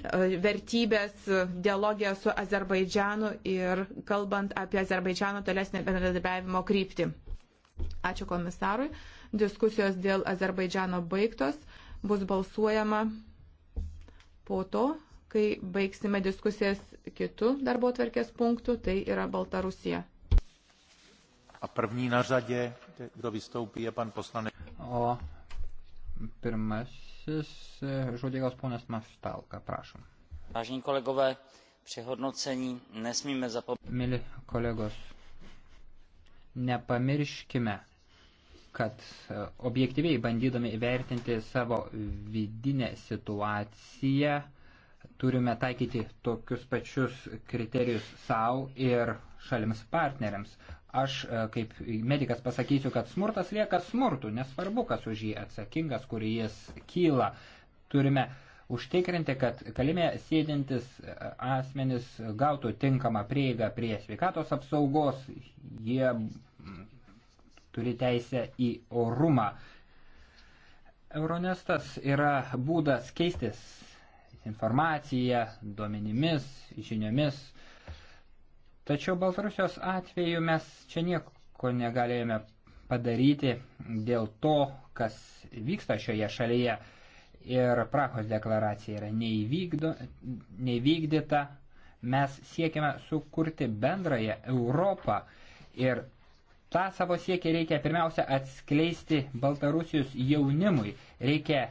E, vertybės dialogė su Azerbaidžianu ir kalbant apie Azerbaidžiano tolesnį bendradarbiavimo kryptį. Ačiū komisarui. Diskusijos dėl Azerbaidžiano baigtos. Bus balsuojama po to, kai baigsime diskusijas kitų darbo tvarkės punktų, tai yra Baltarusija. A první na řadě, kdo vystoupí, je pan poslanec. O pirmas E, žodį gaus ponas Mastalka, prašom. Vážení kolegové, při hodnocení nesmíme zapomínat. Mili kolegos, nepamirškime, kad e, objektyviai bandydami įvertinti savo vidinę situaciją, turime taikyti tokius pačius kriterijus savo ir šalims partneriams. Aš e, kaip medikas pasakysiu, kad smurtas lieka smurtų, nesvarbu, kas už jį atsakingas, kur jis kyla. Turime užtikrinti, kad kalime sėdintis e, asmenis gautų tinkamą prieigą prie sveikatos apsaugos, jie turi teisę į orumą. Euronestas yra būdas keistis informacija, duomenimis, žiniomis Tačiau Baltarusijos atveju mes čia nieko negalėjome padaryti dėl to, kas vyksta šioje šalyje. Ir Prakos deklaracija yra neįvykdo, neįvykdyta. Mes siekime sukurti bendrąją Europą. Ir tą savo siekį reikia pirmiausia atskleisti Baltarusijos jaunimui. Reikia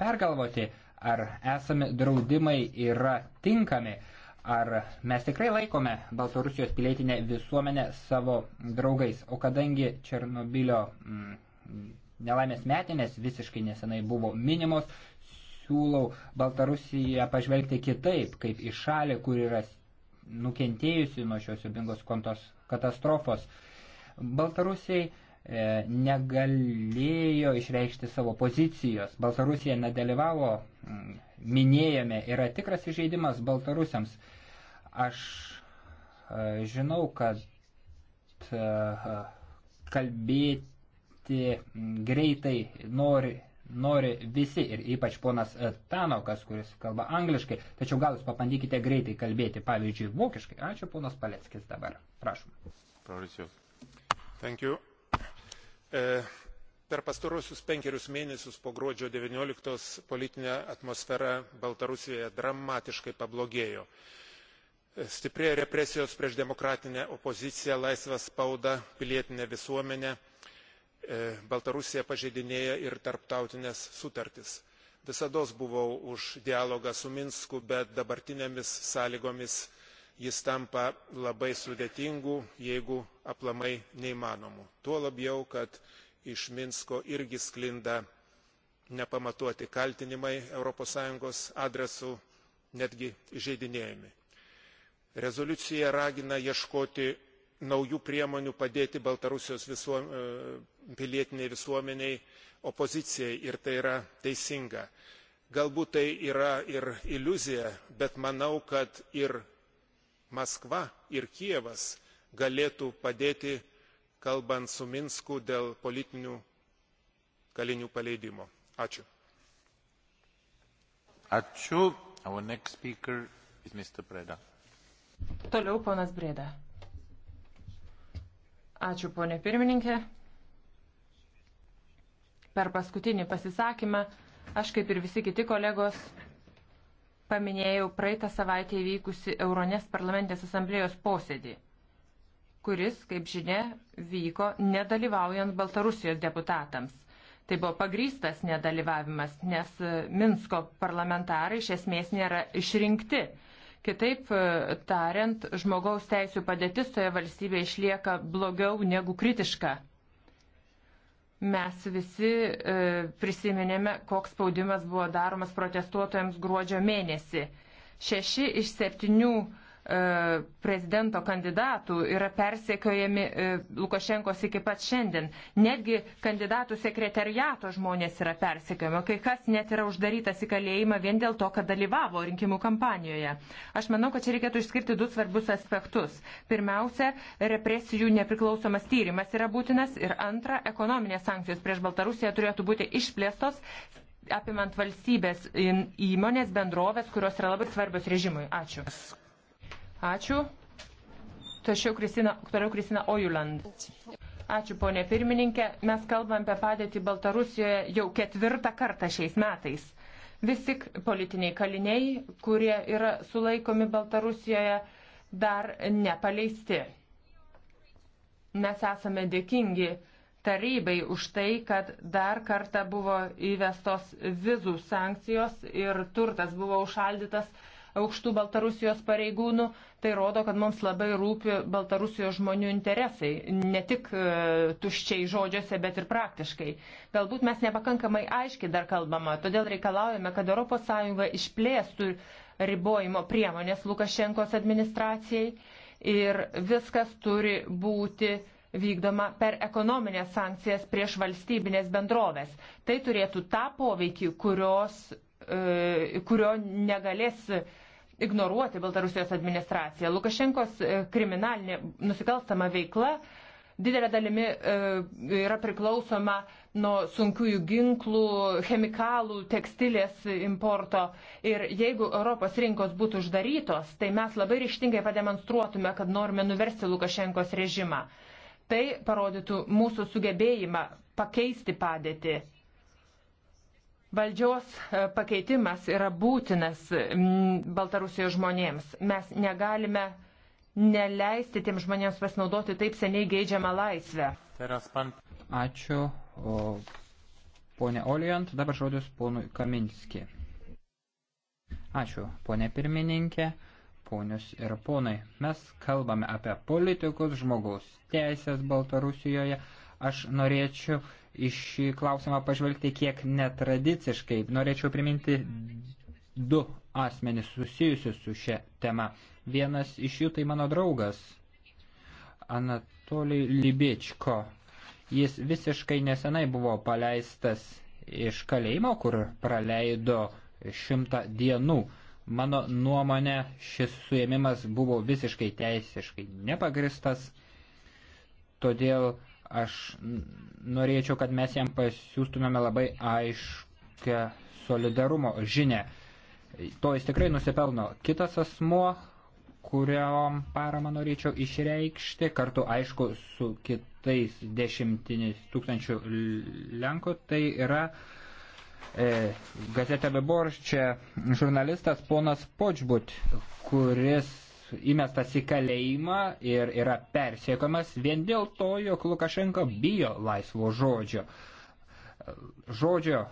pergalvoti, ar esami draudimai yra tinkami ar mes tikrai laikome Baltarusijos pilietinę visuomenę savo draugais. O kadangi Černobilio mm, nelaimės metinės visiškai nesenai buvo minimos, siūlau Baltarusiją pažvelgti kitaip, kaip į šalį, kur yra nukentėjusi nuo šios siubingos katastrofos. Baltarusiai e, negalėjo išreikšti savo pozicijos. Baltarusija nedalyvavo mm, minėjome, yra tikras įžeidimas baltarusiams. Aš e, žinau, kad e, kalbėti greitai nori, nori visi ir ypač ponas Tanokas, kuris kalba angliškai, tačiau gal jūs papandykite greitai kalbėti, pavyzdžiui, vokiškai. Ačiū, ponas Paleckis dabar. Prašom. Prašau. Thank you. Uh per pastaruosius penkerius mėnesius po gruodžio devyniolika osios politinė atmosfera baltarusijoje dramatiškai pablogėjo stiprėja represijos prieš demokratinę opoziciją laisvą spaudą pilietinę visuomenę e, baltarusija pažeidinėja ir tarptautines sutartis. visados buvau už dialogą su minsku bet dabartinėmis sąlygomis jis tampa labai sudėtingu jeigu aplamai neįmanomu tuo labiau kad iš minsko irgi sklinda nepamatuoti kaltinimai europos sąjungos adresu netgi įžeidinėjami. rezoliucija ragina ieškoti naujų priemonių padėti baltarusijos visuom, e, pilietiniai visuomeniai opozicijai ir tai yra teisinga. Galbūt tai yra ir iliuzija, bet manau, kad ir Maskva, ir Kievas galėtų padėti kalbant su Minsku dėl politinių kalinių paleidimo. Ačiū. Ačiū. Our next speaker is Mr. Preda. Toliau ponas Breda. Ačiū ponė pirmininkė. Per paskutinį pasisakymą aš kaip ir visi kiti kolegos paminėjau praeitą savaitę įvykusi Euronės parlamentės asamblėjos posėdį kuris, kaip žinia, vyko nedalyvaujant Baltarusijos deputatams. Tai buvo pagrystas nedalyvavimas, nes Minsko parlamentarai iš esmės nėra išrinkti. Kitaip e, tariant, žmogaus teisų padėtis toje valstybėje išlieka blogiau negu kritiška. Mes visi e, prisiminėme, koks spaudimas buvo daromas protestuotojams gruodžio mėnesį. Šeši iš septynių e, E, prezidento kandidatų yra persekiojami e, Lukašenkos iki pat šiandien. Netgi kandidatų sekretariato žmonės yra persekiojami, kai kas net yra uždarytas į kalėjimą vien dėl to, kad dalyvavo rinkimų kampanijoje. Aš manau, kad čia reikėtų išskirti du svarbus aspektus. Pirmiausia, represijų nepriklausomas tyrimas yra būtinas ir antra, ekonominės sankcijos prieš Baltarusiją turėtų būti išplėstos apimant valstybės įmonės, bendrovės, kurios yra labai svarbios režimui. Ačiū. Ačiū. Tačiau Kristina, toliau Kristina Ojuland. Ačiū, ponė pirmininkė. Mes kalbam apie padėtį Baltarusijoje jau ketvirtą kartą šiais metais. Vis tik politiniai kaliniai, kurie yra sulaikomi Baltarusijoje, dar nepaleisti. Mes esame dėkingi tarybai už tai, kad dar kartą buvo įvestos vizų sankcijos ir turtas buvo užšaldytas aukštų Baltarusijos pareigūnų, tai rodo, kad mums labai rūpi Baltarusijos žmonių interesai, ne tik e, tuščiai žodžiuose, bet ir praktiškai. Galbūt mes nepakankamai aiškiai dar kalbama, todėl reikalaujame, kad ES išplėstų ribojimo priemonės Lukašenkos administracijai ir viskas turi būti vykdoma per ekonominės sankcijas prieš valstybinės bendrovės. Tai turėtų tą poveikį, kurios, e, kurio negalės ignoruoti Baltarusijos administraciją. Lukašenkos e, kriminalinė nusikalstama veikla didelė dalimi e, yra priklausoma nuo sunkiųjų ginklų, chemikalų, tekstilės importo. Ir jeigu Europos rinkos būtų uždarytos, tai mes labai ryštingai pademonstruotume, kad norime nuversti Lukašenkos režimą. Tai parodytų mūsų sugebėjimą pakeisti padėtį Valdžios e, pakeitimas yra būtinas Baltarusijos žmonėms. Mes negalime neleisti tiem žmonėms pasinaudoti taip seniai geidžiamą laisvę. Ačiū. O, ponė Olijant, dabar žodis ponui Kaminski. Ačiū, ponė pirmininkė, ponius ir ponai. Mes kalbame apie politikus, žmogaus teisės Baltarusijoje. Aš norėčiau iš šį klausimą pažvelgti kiek netradiciškai. Norėčiau priminti du asmenis susijusius su šia tema. Vienas iš jų tai mano draugas Anatolij Libičko. Jis visiškai nesenai buvo paleistas iš kalėjimo, kur praleido šimtą dienų. Mano nuomonė, šis suėmimas buvo visiškai teisiškai nepagristas, todėl Aš norėčiau, kad mes jam pasiūstumėme labai aiškę solidarumo žinę. To jis tikrai nusipelno. Kitas asmuo, kuriam paramą norėčiau išreikšti, kartu aišku su kitais dešimtinis tūkstančių Lenkų, tai yra e, gazetė Vibor, čia žurnalistas ponas Počbut, kuris įmestas į kalėjimą ir yra persiekomas vien dėl to, jog Lukašenko bijo laisvo žodžio. Žodžio,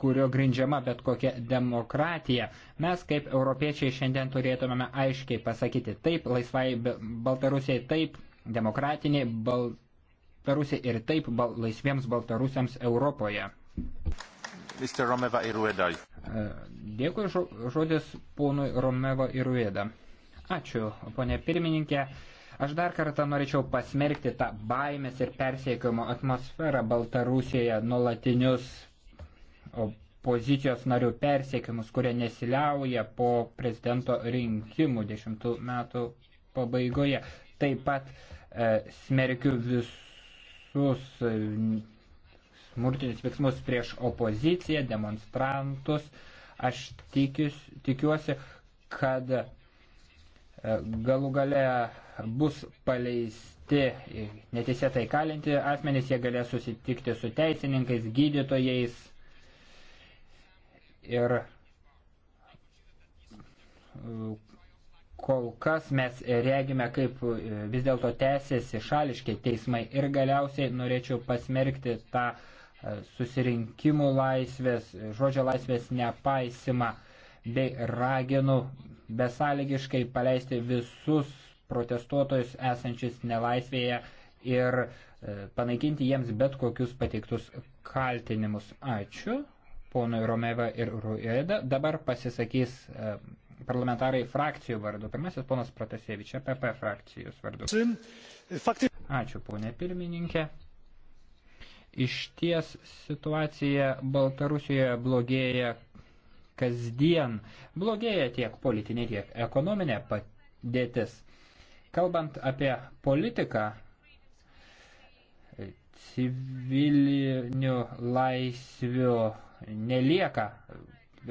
kurio grindžiama bet kokia demokratija. Mes kaip europiečiai šiandien turėtumėme aiškiai pasakyti taip laisvai Baltarusijai, taip demokratiniai Baltarusijai ir taip bal, laisviems Baltarusiams Europoje. Dėkui žodis ponui Romeva Iruėda. Ačiū, ponė pirmininkė. Aš dar kartą norėčiau pasmerkti tą baimės ir persiekiojimo atmosferą Baltarusijoje, nuolatinius opozicijos narių persiekimus, kurie nesiliauja po prezidento rinkimų dešimtų metų pabaigoje. Taip pat e, smerkiu visus e, smurtinius veiksmus prieš opoziciją, demonstrantus. Aš tikis, tikiuosi, kad galų gale bus paleisti neteisėtai kalinti asmenys, jie galės susitikti su teisininkais, gydytojais ir e, kol kas mes regime, kaip e, vis dėlto tęsiasi šališki teismai ir galiausiai norėčiau pasmerkti tą e, susirinkimų laisvės, žodžio laisvės nepaisimą bei raginu besąlygiškai paleisti visus protestuotojus esančius nelaisvėje ir e, panaikinti jiems bet kokius pateiktus kaltinimus. Ačiū, ponui Romeva ir Rueda. Dabar pasisakys e, parlamentarai frakcijų vardu. Pirmasis ponas Protasevič, PP e frakcijos vardu. Ačiū, ponė pirmininkė. Iš ties situacija Baltarusijoje blogėja kasdien. Blogėja tiek politinė, tiek ekonominė padėtis. Kalbant apie politiką, civilinių laisvių nelieka.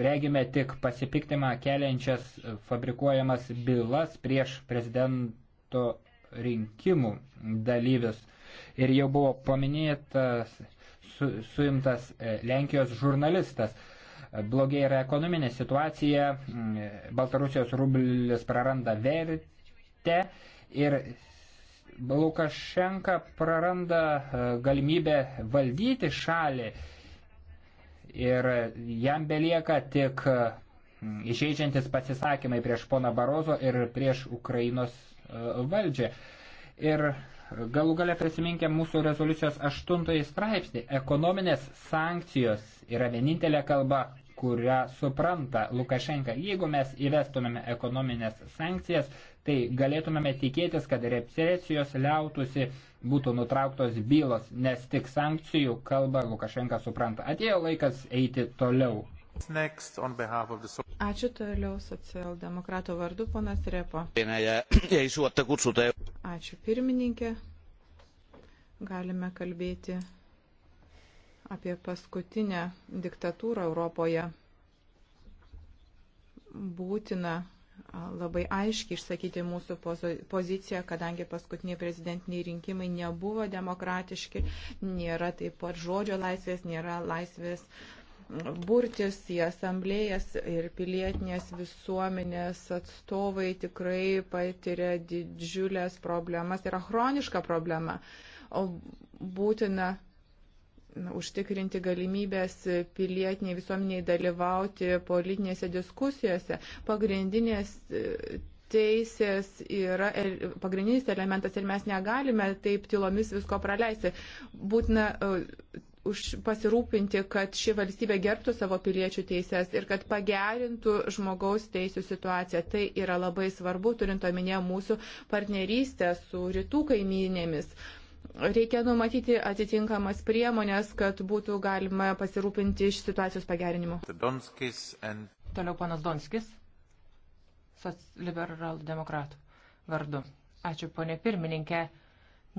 Regime tik pasipiktimą keliančias fabrikuojamas bylas prieš prezidento rinkimų dalyvius. Ir jau buvo paminėtas su, suimtas e, Lenkijos žurnalistas. Blogiai yra ekonominė situacija, Baltarusijos rublis praranda vertę ir Lukašenka praranda e, galimybę valdyti šalį ir jam belieka tik išeidžiantis e, pasisakymai prieš poną Barozo ir prieš Ukrainos e, valdžią. Ir galų gale prisiminkė mūsų rezoliucijos aštuntąjį straipsnį. Ekonominės sankcijos yra vienintelė kalba, kurią supranta Lukašenka. Jeigu mes įvestumėme ekonominės sankcijas, tai galėtumėme tikėtis, kad represijos liautusi, būtų nutrauktos bylos, nes tik sankcijų kalba Lukašenka supranta. Atėjo laikas eiti toliau. The... Ačiū toliau socialdemokrato vardu, ponas Repo. Ačiū pirmininkė. Galime kalbėti apie paskutinę diktatūrą Europoje, būtina labai aiškiai išsakyti mūsų poziciją, kadangi paskutiniai prezidentiniai rinkimai nebuvo demokratiški, nėra taip pat žodžio laisvės, nėra laisvės burtis į asamblėjas ir pilietinės visuomenės atstovai tikrai patiria didžiulės problemas, yra chroniška problema, o būtina užtikrinti galimybės pilietiniai visuomeniai dalyvauti politinėse diskusijose. Pagrindinės e, teisės yra pagrindinis elementas ir mes negalime taip tylomis visko praleisti. Būtina e, už pasirūpinti, kad ši valstybė gerbtų savo piliečių teises ir kad pagerintų žmogaus teisų situaciją. Tai yra labai svarbu, turint omenyje mūsų partnerystę su rytų kaiminėmis. Uh, Reikia numatyti atitinkamas priemonės, kad būtų galima pasirūpinti iš situacijos pagerinimu. And... Toliau panas Donskis, liberalų demokratų vardu. Ačiū, ponė pirmininkė.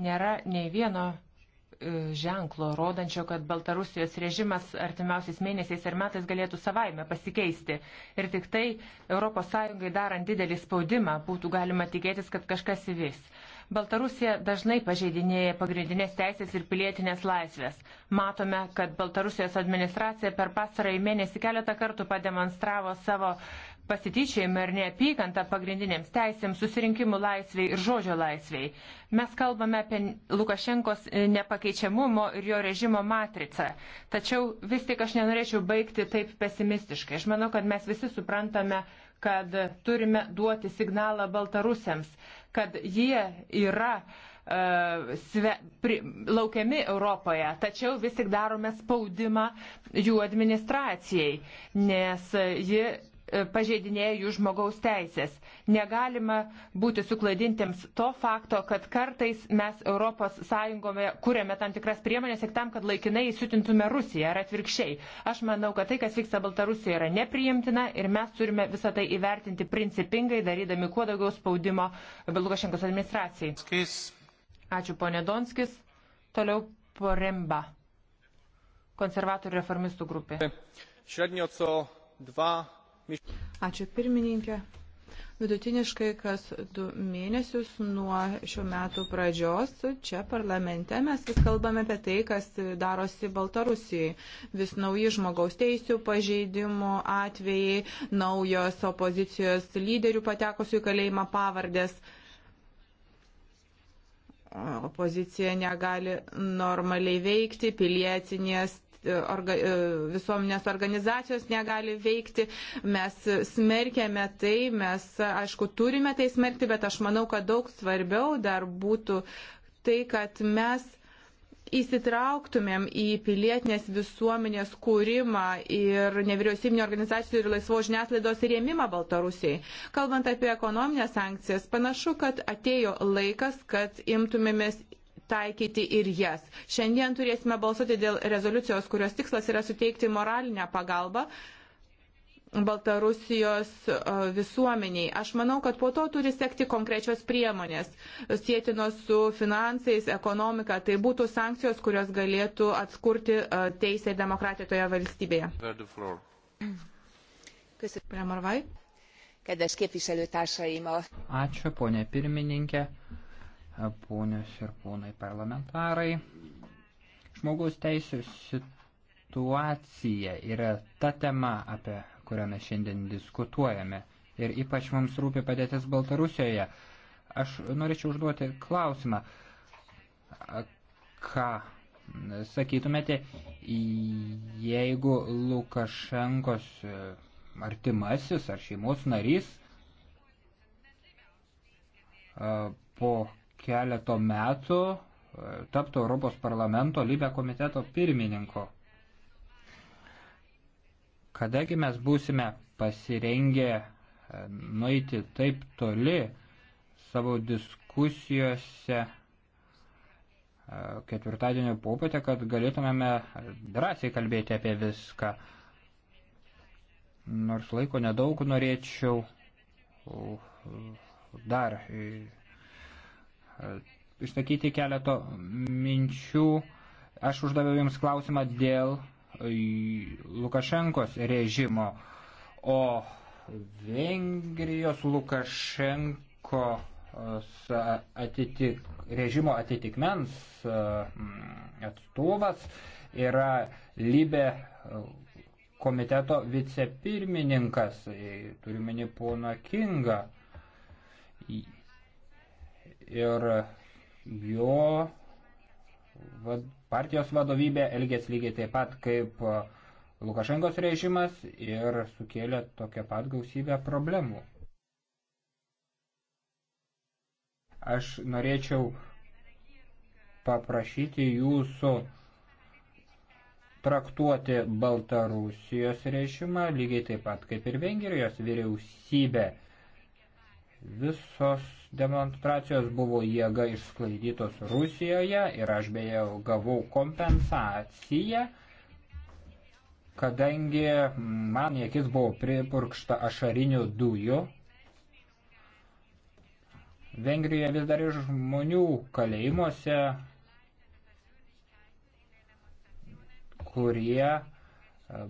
Nėra nei vieno e, ženklo, rodančio, kad Baltarusijos režimas artimiausiais mėnesiais ir metais galėtų savaime pasikeisti. Ir tik tai ES darant didelį spaudimą būtų galima tikėtis, kad kažkas įvys. Baltarusija dažnai pažeidinėja pagrindinės teisės ir pilietinės laisvės. Matome, kad Baltarusijos administracija per pastarąjį mėnesį keletą kartų pademonstravo savo pasityčiojimą ir neapykantą pagrindinėms teisėms, susirinkimų laisviai ir žodžio laisviai. Mes kalbame apie Lukašenkos e, nepakeičiamumo ir jo režimo matricą. Tačiau vis tik aš nenorėčiau baigti taip pesimistiškai. Aš manau, kad mes visi suprantame, kad turime duoti signalą Baltarusiams kad jie yra uh, sve, pri, laukiami Europoje, tačiau vis tik darome spaudimą jų administracijai, nes ji pažeidinėja jų žmogaus teisės. Negalima būti suklaidintiems to fakto, kad kartais mes ES kūrėme tam tikras priemonės ir tam, kad laikinai įsiutintume Rusiją ar atvirkščiai. Aš manau, kad tai, kas vyksta Baltarusijoje, yra nepriimtina ir mes turime visą tai įvertinti principingai, darydami kuo daugiau spaudimo Lukašenkos administracijai. Skis. Ačiū, ponė Donskis. Toliau Poremba. Konservatorių reformistų grupė. Średnio co dwa Ačiū pirmininkė. Vidutiniškai kas du mėnesius nuo šių metų pradžios čia parlamente mes vis kalbame apie tai, kas darosi Baltarusijai. Vis nauji žmogaus teisų pažeidimų atvejai, naujos opozicijos lyderių patekusių į kalėjimą pavardės. Opozicija negali normaliai veikti, pilietinės orga, e, visuomenės organizacijos negali veikti. Mes smerkėme tai, mes, aišku, turime tai smerkti, bet aš manau, kad daug svarbiau dar būtų tai, kad mes įsitrauktumėm į pilietinės visuomenės kūrimą ir nevyriausybinio organizacijų ir laisvos žiniasklaidos rėmimą Baltarusijai. Kalbant apie ekonominės sankcijas, panašu, kad atėjo laikas, kad imtumėmės taikyti ir jas. Šiandien turėsime balsuoti dėl rezoliucijos, kurios tikslas yra suteikti moralinę pagalbą Baltarusijos e, visuomeniai. Aš manau, kad po to turi sekti konkrečios priemonės, sėtinos su finansais, ekonomika. Tai būtų sankcijos, kurios galėtų atskurti e, teisę ir demokratiją toje valstybėje. Ačiū, ponė pirmininkė ponios ir ponai parlamentarai. Žmogaus teisų situacija yra ta tema, apie kurią mes šiandien diskutuojame. Ir ypač mums rūpi padėtis Baltarusijoje. Aš norėčiau užduoti klausimą, ką sakytumėte, jeigu Lukašenkos e, artimasis ar šeimos narys e, po keleto metų e, taptų Europos parlamento lybę komiteto pirmininko. Kadagi mes būsime pasirengę e, nueiti taip toli savo diskusijose e, ketvirtadienio popietę, kad galėtumėme drąsiai kalbėti apie viską. Nors laiko nedaug norėčiau dar išsakyti keleto minčių. Aš uždaviau Jums klausimą dėl e, Lukašenkos režimo, o Vengrijos Lukašenko e, atitik, režimo atitikmens e, atstovas yra Libė komiteto vicepirmininkas, turiu meni poną Kingą ir jo vad, partijos vadovybė elgės lygiai taip pat kaip Lukašenkos režimas ir sukėlė tokią pat gausybę problemų. Aš norėčiau paprašyti jūsų traktuoti Baltarusijos režimą lygiai taip pat kaip ir Vengrijos vyriausybė. Visos demonstracijos buvo jėga išsklaidytos Rusijoje ir aš beje gavau kompensaciją, kadangi man akis buvo pripurkšta ašarinių dujų. Vengrijoje vis dar yra žmonių kalėjimuose, kurie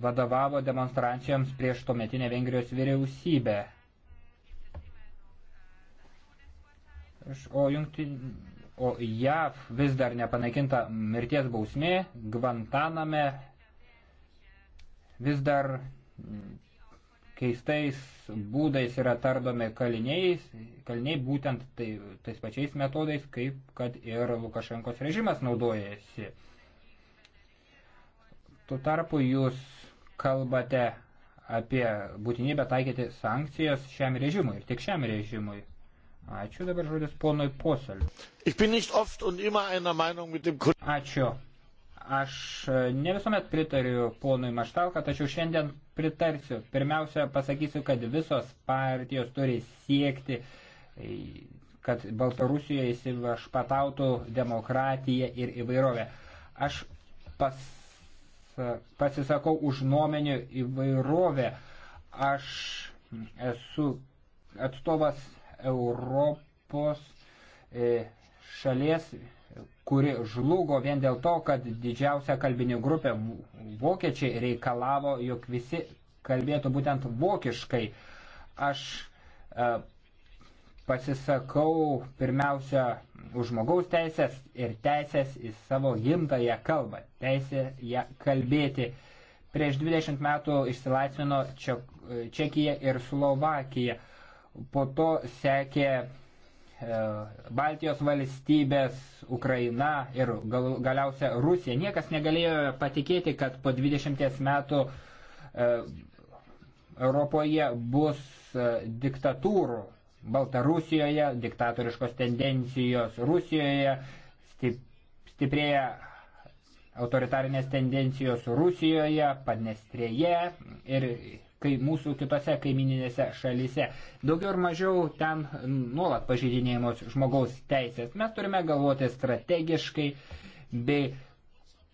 vadovavo demonstracijoms prieš tuometinę Vengrijos vyriausybę. o, jungtin, o JAV vis dar nepanaikinta mirties bausmė, Gvantaname vis dar mm, keistais būdais yra tardomi kaliniai, kaliniai būtent tai, tais pačiais metodais, kaip kad ir Lukašenkos režimas naudojasi. Tuo tarpu jūs kalbate apie būtinybę taikyti sankcijas šiam režimui ir tik šiam režimui. Ačiū dabar žodis ponui Poseliu. Ačiū. Aš e, ne visuomet pritariu ponui Maštalka, tačiau šiandien pritarsiu. Pirmiausia, pasakysiu, kad visos partijos turi siekti, e, kad Baltarusijoje įsivašpatautų demokratija ir įvairovė. Aš pas, pasisakau už nuomenių įvairovę. Aš esu atstovas Europos e, šalies, kuri žlugo vien dėl to, kad didžiausia kalbinė grupė vokiečiai reikalavo, jog visi kalbėtų būtent vokiškai. Aš e, pasisakau pirmiausia už žmogaus teisės ir teisės į savo gimtąją kalbą, teisę ją kalbėti. Prieš 20 metų išsilaisvino Čekija ir Slovakija po to sekė e, Baltijos valstybės, Ukraina ir gal, galiausia Rusija. Niekas negalėjo patikėti, kad po 20 metų e, Europoje bus e, diktatūrų. Baltarusijoje, diktatoriškos tendencijos Rusijoje, stip, stiprėja autoritarinės tendencijos Rusijoje, Padnestrėje ir kai mūsų kitose kaimininėse šalyse. Daugiau ir mažiau ten nuolat pažydinėjimos žmogaus teisės. Mes turime galvoti strategiškai bei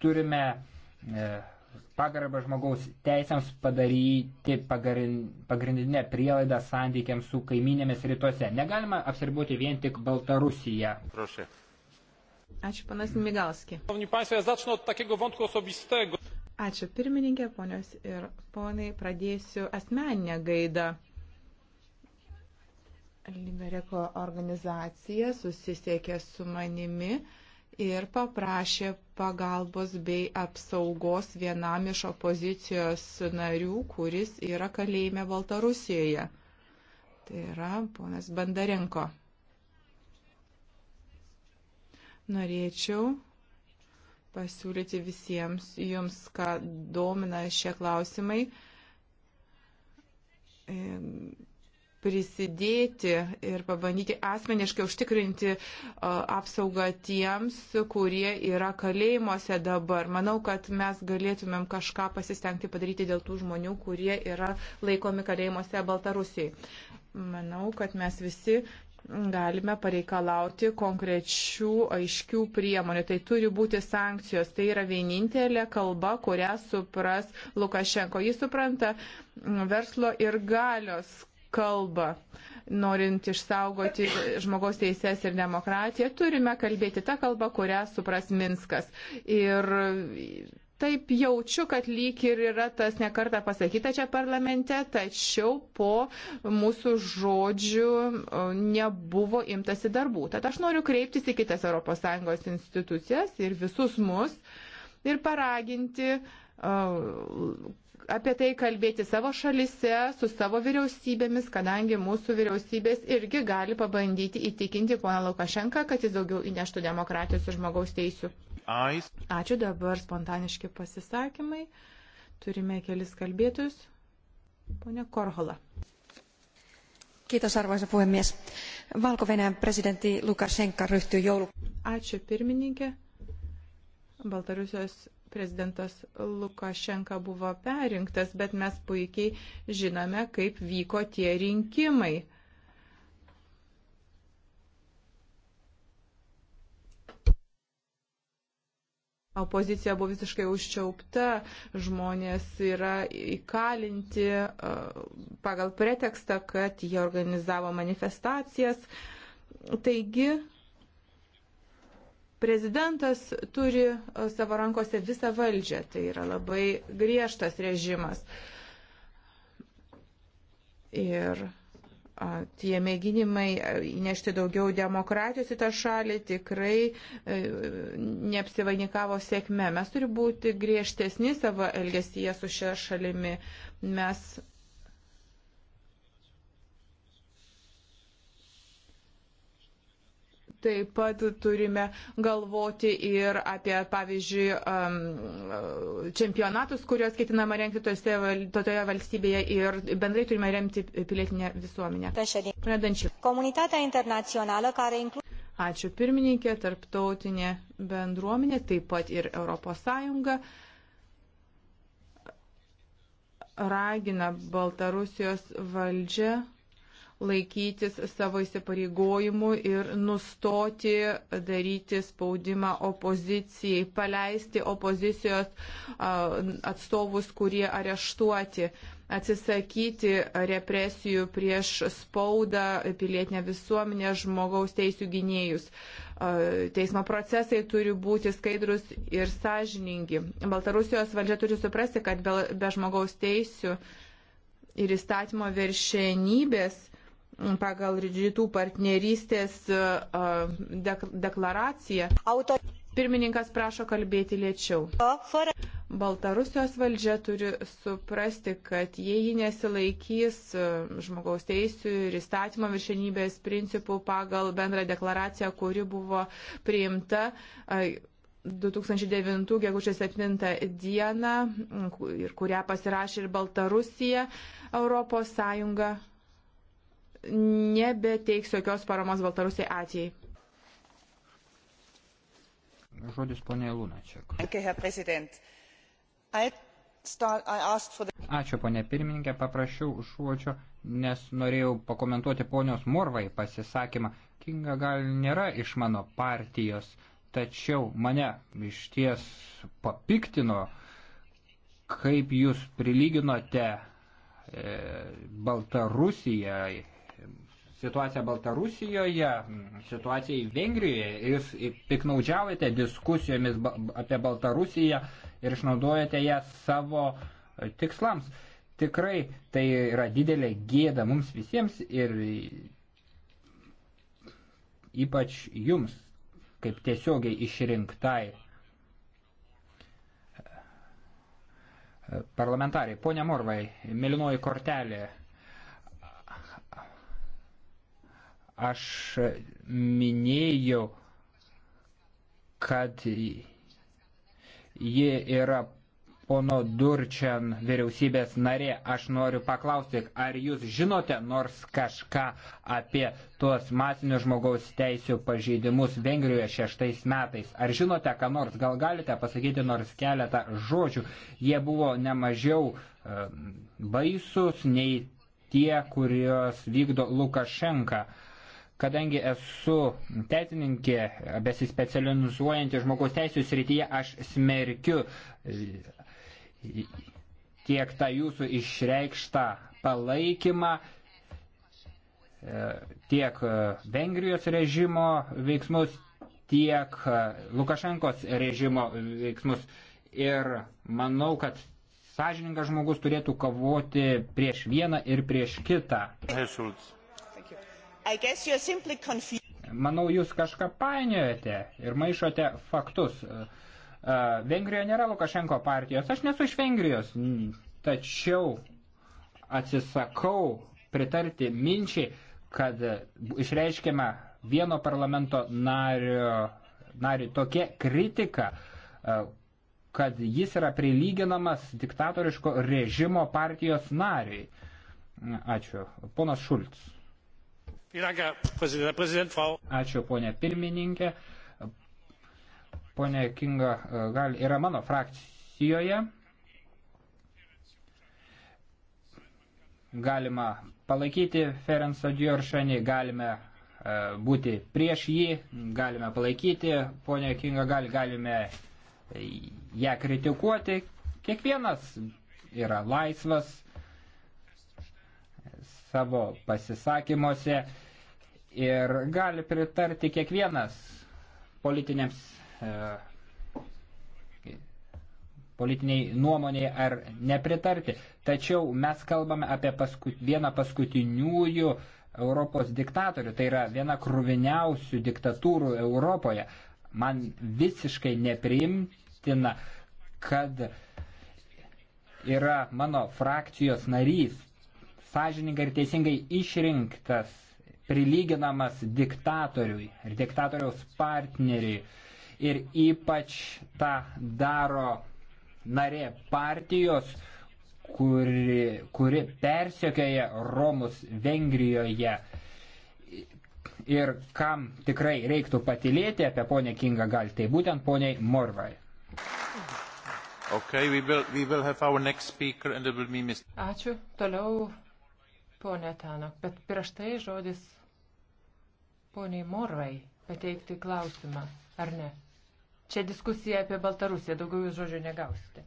turime e, pagarbą žmogaus teisėms padaryti pagrindinę prielaidą santykiams su kaiminėmis rytuose. Negalima apsiriboti vien tik Baltarusiją. Proszę. Ačiū, panas Migalski. Panie Państwo, ja zacznę od takiego wątku osobistego. Ačiū pirmininkė, ponios ir ponai. Pradėsiu asmeninę gaidą. Libereko organizacija susisiekė su manimi ir paprašė pagalbos bei apsaugos vienam iš opozicijos narių, kuris yra kalėjime Baltarusijoje. Tai yra ponas Bandarenko. Norėčiau pasiūlyti visiems jums, ką domina šie klausimai, prisidėti ir pabandyti asmeniškai užtikrinti apsaugą tiems, kurie yra kalėjimuose dabar. Manau, kad mes galėtumėm kažką pasistengti padaryti dėl tų žmonių, kurie yra laikomi kalėjimuose Baltarusijai. Manau, kad mes visi galime pareikalauti konkrečių aiškių priemonių. Tai turi būti sankcijos. Tai yra vienintelė kalba, kurią supras Lukašenko. Jis supranta mm, verslo ir galios kalbą. Norint išsaugoti žmogaus teises ir demokratiją, turime kalbėti tą kalbą, kurią supras Minskas. Ir taip jaučiu, kad lyg ir yra tas nekarta pasakyta čia parlamente, tačiau po mūsų žodžių nebuvo imtasi darbų. Tad aš noriu kreiptis į kitas ES institucijas ir visus mus ir paraginti apie tai kalbėti savo šalise, su savo vyriausybėmis, kadangi mūsų vyriausybės irgi gali pabandyti įtikinti poną Lukašenką, kad jis daugiau įneštų demokratijos ir žmogaus teisų. Ačiū dabar spontaniški pasisakymai. Turime kelis kalbėtojus. Pone Korhola. Kiitos arvoisa puhemies. Valko-Venäjän presidentti Lukashenka ryhtyy joulukuussa. Ačiū pirmininkė. Baltarusijos prezidentas Lukašenka buvo perinktas, bet mes puikiai žinome, kaip vyko tie rinkimai. Opozicija buvo visiškai užčiaupta, žmonės yra įkalinti pagal pretekstą, kad jie organizavo manifestacijas. Taigi, Prezidentas turi e, savo rankose visą valdžią, tai yra labai griežtas režimas. Ir tie mėginimai įnešti daugiau demokratijos į tą šalį tikrai e, neapsivainikavo sėkme. Mes turi būti griežtesni savo elgesyje su šia šalimi. Mes taip pat turime galvoti ir apie, pavyzdžiui, čempionatus, kuriuos ketinama renkti tose, toje valstybėje ir bendrai turime remti pilietinę visuomenę. Pradančiu. Komunitatea internacională care include. Ačiū pirmininkė, tarptautinė bendruomenė, taip pat ir ES ragina Baltarusijos valdžią laikytis savo įsipareigojimų ir nustoti daryti spaudimą opozicijai, paleisti opozicijos atstovus, kurie areštuoti, atsisakyti represijų prieš spaudą, pilietinę visuomenę, žmogaus teisų gynėjus. Teismo procesai turi būti skaidrus ir sąžiningi. Baltarusijos valdžia turi suprasti, kad be, be žmogaus teisų ir įstatymo viršenybės pagal rytų partnerystės deklaraciją. Auto. Pirmininkas prašo kalbėti lėčiau. Baltarusijos valdžia turi suprasti, kad jei ji nesilaikys žmogaus teisų ir įstatymo viršenybės principų pagal bendrą deklaraciją, kuri buvo priimta 2009 gegužės 7 dieną ir kurią pasirašė ir Baltarusija, ES nebeteiks jokios paramos Baltarusiai atėjai. Žodis ponė Lunačiak. Ačiū ponė pirmininkė, paprašiau šuočio, nes norėjau pakomentuoti ponios Morvai pasisakymą. Kinga gal nėra iš mano partijos, tačiau mane iš ties papiktino, kaip jūs prilyginote e, Baltarusijai situaciją Baltarusijoje, situaciją Vengrijoje. Jūs piknaudžiaujate diskusijomis apie Baltarusiją ir išnaudojate ją savo e, tikslams. Tikrai tai yra didelė gėda mums visiems ir ypač jums, kaip tiesiogiai išrinktai e, parlamentarai. Pone Morvai, mėlynoji kortelė Aš minėjau, kad ji yra pono Durčian vyriausybės narė. Aš noriu paklausti, ar jūs žinote nors kažką apie tuos masinius žmogaus teisų pažeidimus Vengrijoje šeštais metais? Ar žinote, ką nors, gal galite pasakyti nors keletą žodžių? Jie buvo nemažiau e, baisus nei tie, kuriuos vykdo Lukašenka. E, Kadangi esu teisininkė, besispecializuojanti žmogaus teisų srityje, aš smerkiu e, tiek tą jūsų išreikštą palaikymą, e, tiek e, Vengrijos režimo veiksmus, tiek Lukašenkos režimo veiksmus. Ir manau, kad sąžiningas žmogus turėtų kovoti prieš vieną ir prieš kitą. Herr Schulz. Manau, jūs kažką painiojate ir maišote faktus. E, e, Vengrijoje nėra Lukašenko partijos, aš nesu iš Vengrijos, tačiau atsisakau pritarti minčiai, kad išreiškiama vieno parlamento nario, nari tokia kritika, e, kad jis yra prilyginamas diktatoriško režimo partijos nariai. Ačiū. Ponas Šulcis. Ačiū, ponė pirmininkė. Ponė Kinga e, gal, yra mano frakcijoje. Galima palaikyti Ferenco Dioršanį, galime e, būti prieš jį, galime palaikyti ponę Kingą, gal, galime ją kritikuoti. Kiekvienas yra laisvas savo pasisakymuose ir gali pritarti kiekvienas politiniams, e, politiniai nuomoniai ar nepritarti. Tačiau mes kalbame apie pasku, vieną paskutiniųjų Europos diktatorių, tai yra viena kruviniausių diktatūrų Europoje. Man visiškai nepriimtina, kad yra mano frakcijos narys sąžiningai ir teisingai išrinktas, prilyginamas diktatoriui ir diktatoriaus partneriui. Ir ypač tą daro narė partijos, kuri, kuri persiekioja Romus Vengrijoje. Ir kam tikrai reiktų patilėti apie ponę Kingą gal, tai būtent poniai Morvai. Okay, we will, we will Ačiū. Toliau Pone Tanok, bet prieš tai žodis poniai Morvai pateikti klausimą, ar ne? Čia diskusija apie Baltarusiją, daugiau jūs žodžio negausite.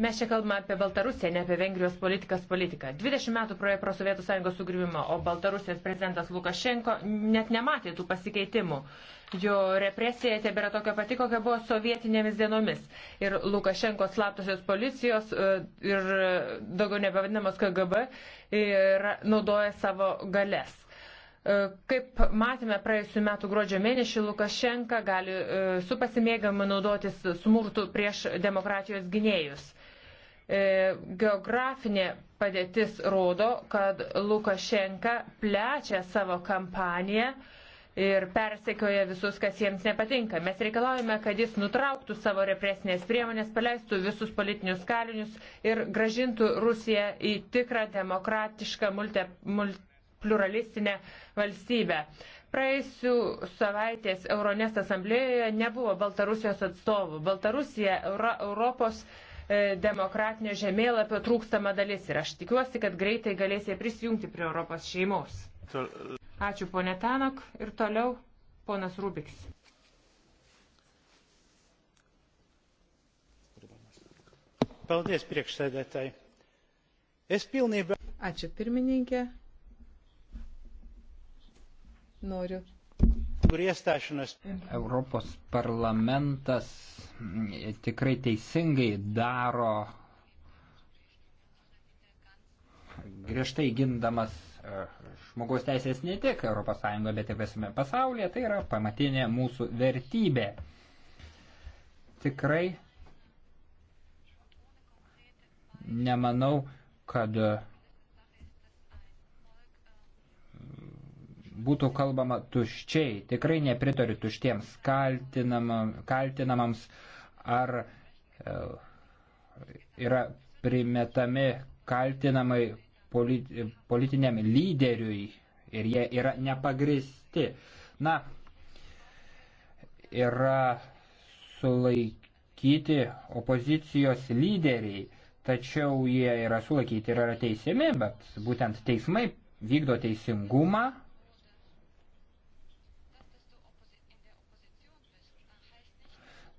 Mes čia kalbame apie Baltarusiją, ne apie Vengrijos politikas politiką. 20 metų praėjo pro Sovietų sąjungos sugrįvimą, o Baltarusijos prezidentas Lukašenko net nematė tų pasikeitimų. Jo represija tebėra tokia pati, kokia buvo sovietinėmis dienomis. Ir Lukašenko slaptosios policijos e, ir e, daugiau nebevadinamos KGB ir naudoja savo galės. E, kaip matėme praėjusiu metu gruodžio mėnesį, Lukašenka gali su pasimėgamu naudotis smurtu prieš demokratijos gynėjus. E, geografinė padėtis rodo, kad Lukašenka plečia savo kampaniją ir persekioja visus, kas jiems nepatinka. Mes reikalaujame, kad jis nutrauktų savo represinės priemonės, paleistų visus politinius kalinius ir gražintų Rusiją į tikrą demokratišką multi, multi, pluralistinę valstybę. Praėjusių savaitės Euronės asamblėjoje nebuvo Baltarusijos atstovų. Baltarusija Euro, Europos E, demokratinio žemėlapio trūkstama dalis ir aš tikiuosi, kad greitai galės jie prisijungti prie Europos šeimos. Ačiū ponė Tanok ir toliau ponas Rubiks. Paldies priekšsēdētāji. Es pilnībā. Ačiū pirmininkė. Noriu Europos parlamentas mm, tikrai teisingai daro griežtai gindamas e, žmogaus teisės ne tik ES, bet ir visame pasaulyje. Tai yra pamatinė mūsų vertybė. Tikrai nemanau, kad būtų kalbama tuščiai. Tikrai nepritariu tuštiems kaltinamam, kaltinamams ar e, yra primetami kaltinamai politi, politiniam lyderiui ir jie yra nepagristi. Na, yra sulaikyti opozicijos lyderiai, tačiau jie yra sulaikyti ir yra teisiami, bet būtent teismai vykdo teisingumą,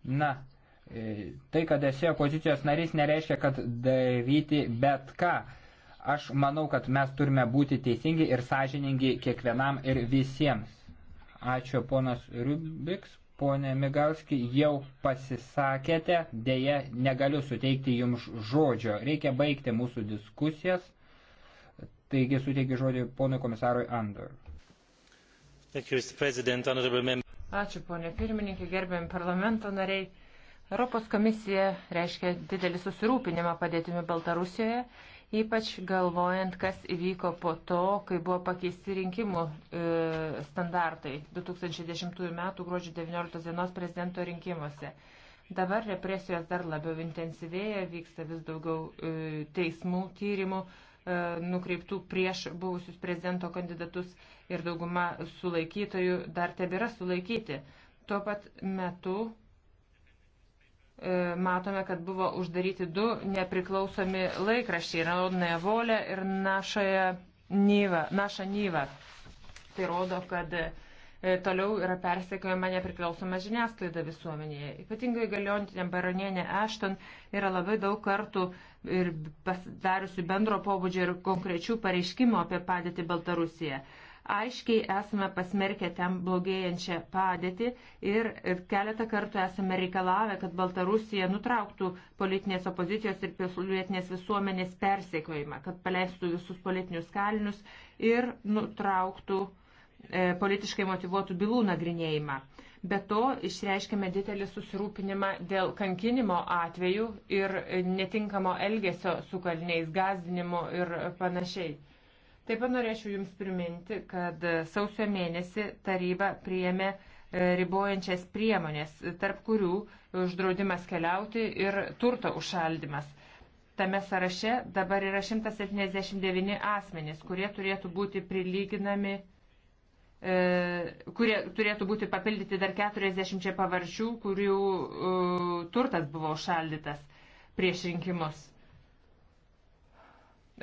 Na, e, tai, kad esi opozicijos narys, nereiškia, kad daryti bet ką. Aš manau, kad mes turime būti teisingi ir sąžiningi kiekvienam ir visiems. Ačiū ponas Rubiks, ponė Migalski, jau pasisakėte, dėje negaliu suteikti jums žodžio. Reikia baigti mūsų diskusijas. Taigi suteikiu žodį ponui komisarui Andor. Thank you, Mr. President, honorable members. Ačiū, ponė pirmininkė, gerbėm parlamento nariai. Europos komisija reiškia didelį susirūpinimą padėtimi Baltarusijoje, ypač galvojant, kas įvyko po to, kai buvo pakeisti rinkimų e, standartai 2010 m. gruodžio 19 dienos prezidento rinkimuose. Dabar represijos dar labiau intensyvėja, vyksta vis daugiau e, teismų tyrimų e, nukreiptų prieš buvusius prezidento kandidatus. E, ir dauguma sulaikytojų dar tebėra sulaikyti. Tuo pat metu e, matome, kad buvo uždaryti du nepriklausomi laikraščiai - Raudnąją volę ir Našą Nyvą. Tai rodo, kad e, toliau yra persekiojama nepriklausoma žiniasklaida visuomenėje. Ypatingai galiojantinė baronienė Ashton yra labai daug kartų ir pasidariusi bendro pobūdžio ir konkrečių pareiškimų apie padėtį Baltarusiją. Aiškiai esame pasmerkę ten blogėjančią padėtį ir keletą kartų esame reikalavę, kad Baltarusija nutrauktų politinės opozicijos ir pilietinės visuomenės persekiojimą, kad paleistų visus politinius kalinius ir nutrauktų e, politiškai motivuotų bylų nagrinėjimą. Be to išreiškėme didelį susirūpinimą dėl kankinimo atvejų ir netinkamo elgesio su kaliniais, gazdinimo ir panašiai. Taip pat norėčiau Jums priminti, kad sausio mėnesį taryba priėmė e, ribojančias priemonės, tarp kurių uždraudimas keliauti ir turto užšaldimas. Tame sąraše dabar yra 179 asmenys, kurie turėtų būti prilyginami, e, kurie turėtų būti papildyti dar 40 pavarčių, kurių e, turtas buvo užšaldytas prieš rinkimus.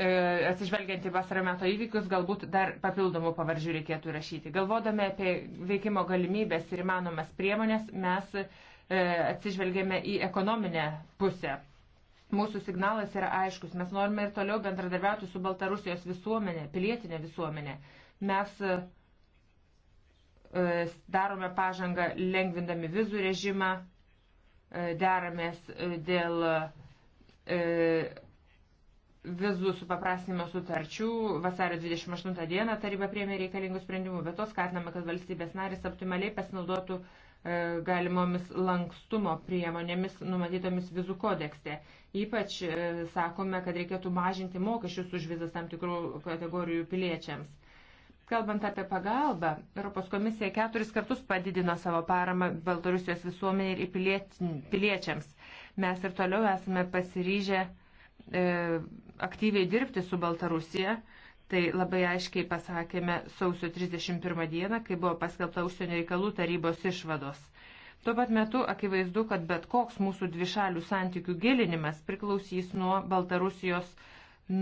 E, atsižvelgiant į vasario meto įvykius, galbūt dar papildomų pavardžių reikėtų rašyti. Galvodami apie veikimo galimybės ir įmanomas priemonės, mes e, atsižvelgėme į ekonominę pusę. Mūsų signalas yra aiškus. Mes norime ir toliau bendradarbiauti su Baltarusijos visuomenė, pilietinė visuomenė. Mes e, darome pažangą lengvindami vizų režimą, deramės dėl vizų supaprastinimo sutarčių vasario 28 dieną taryba priemė reikalingų sprendimų, bet to skatiname, kad valstybės narės optimaliai pasinaudotų e, galimomis lankstumo priemonėmis numatytomis vizų kodekste. Ypač e, sakome, kad reikėtų mažinti mokesčius už vizas tam tikrų kategorijų piliečiams. Kalbant apie pagalbą, Europos komisija keturis kartus padidino savo paramą Baltarusijos visuomeniai ir piliečiams. Mes ir toliau esame pasiryžę E, aktyviai dirbti su Baltarusija. Tai labai aiškiai pasakėme sausio 31 dieną, kai buvo paskelbta užsienio reikalų tarybos išvados. Tuo pat metu akivaizdu, kad bet koks mūsų dvišalių santykių gilinimas priklausys nuo Baltarusijos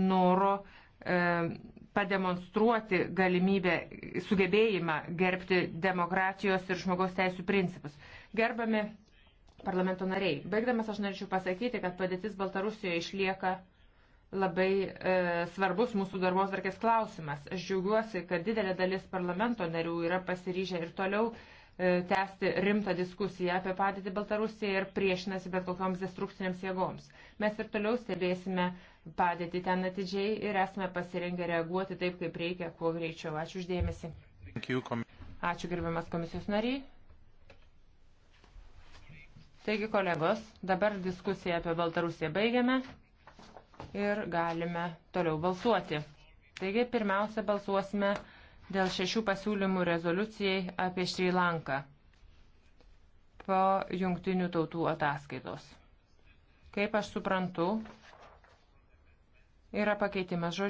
noro e, pademonstruoti galimybę, sugebėjimą gerbti demokratijos ir žmogaus teisų principus. Gerbame parlamento nariai. Baigdamas aš norėčiau pasakyti, kad padėtis Baltarusijoje išlieka labai e, svarbus mūsų darbos varkės klausimas. Aš džiaugiuosi, kad didelė dalis parlamento narių yra pasiryžę ir toliau e, tęsti rimtą diskusiją apie padėtį Baltarusiją ir priešinasi bet kokioms destrukcinėms jėgoms. Mes ir toliau stebėsime padėtį ten atidžiai ir esame pasirengę reaguoti taip, kaip reikia, kuo greičiau. Ačiū uždėmesi. Ačiū gerbiamas komisijos nariai. Taigi, kolegos, dabar diskusiją apie Baltarusiją baigiame ir galime toliau balsuoti. Taigi, pirmiausia, balsuosime dėl šešių pasiūlymų rezoliucijai apie Šri Lanką po jungtinių tautų ataskaitos. Kaip aš suprantu, yra pakeitimas žodžiu.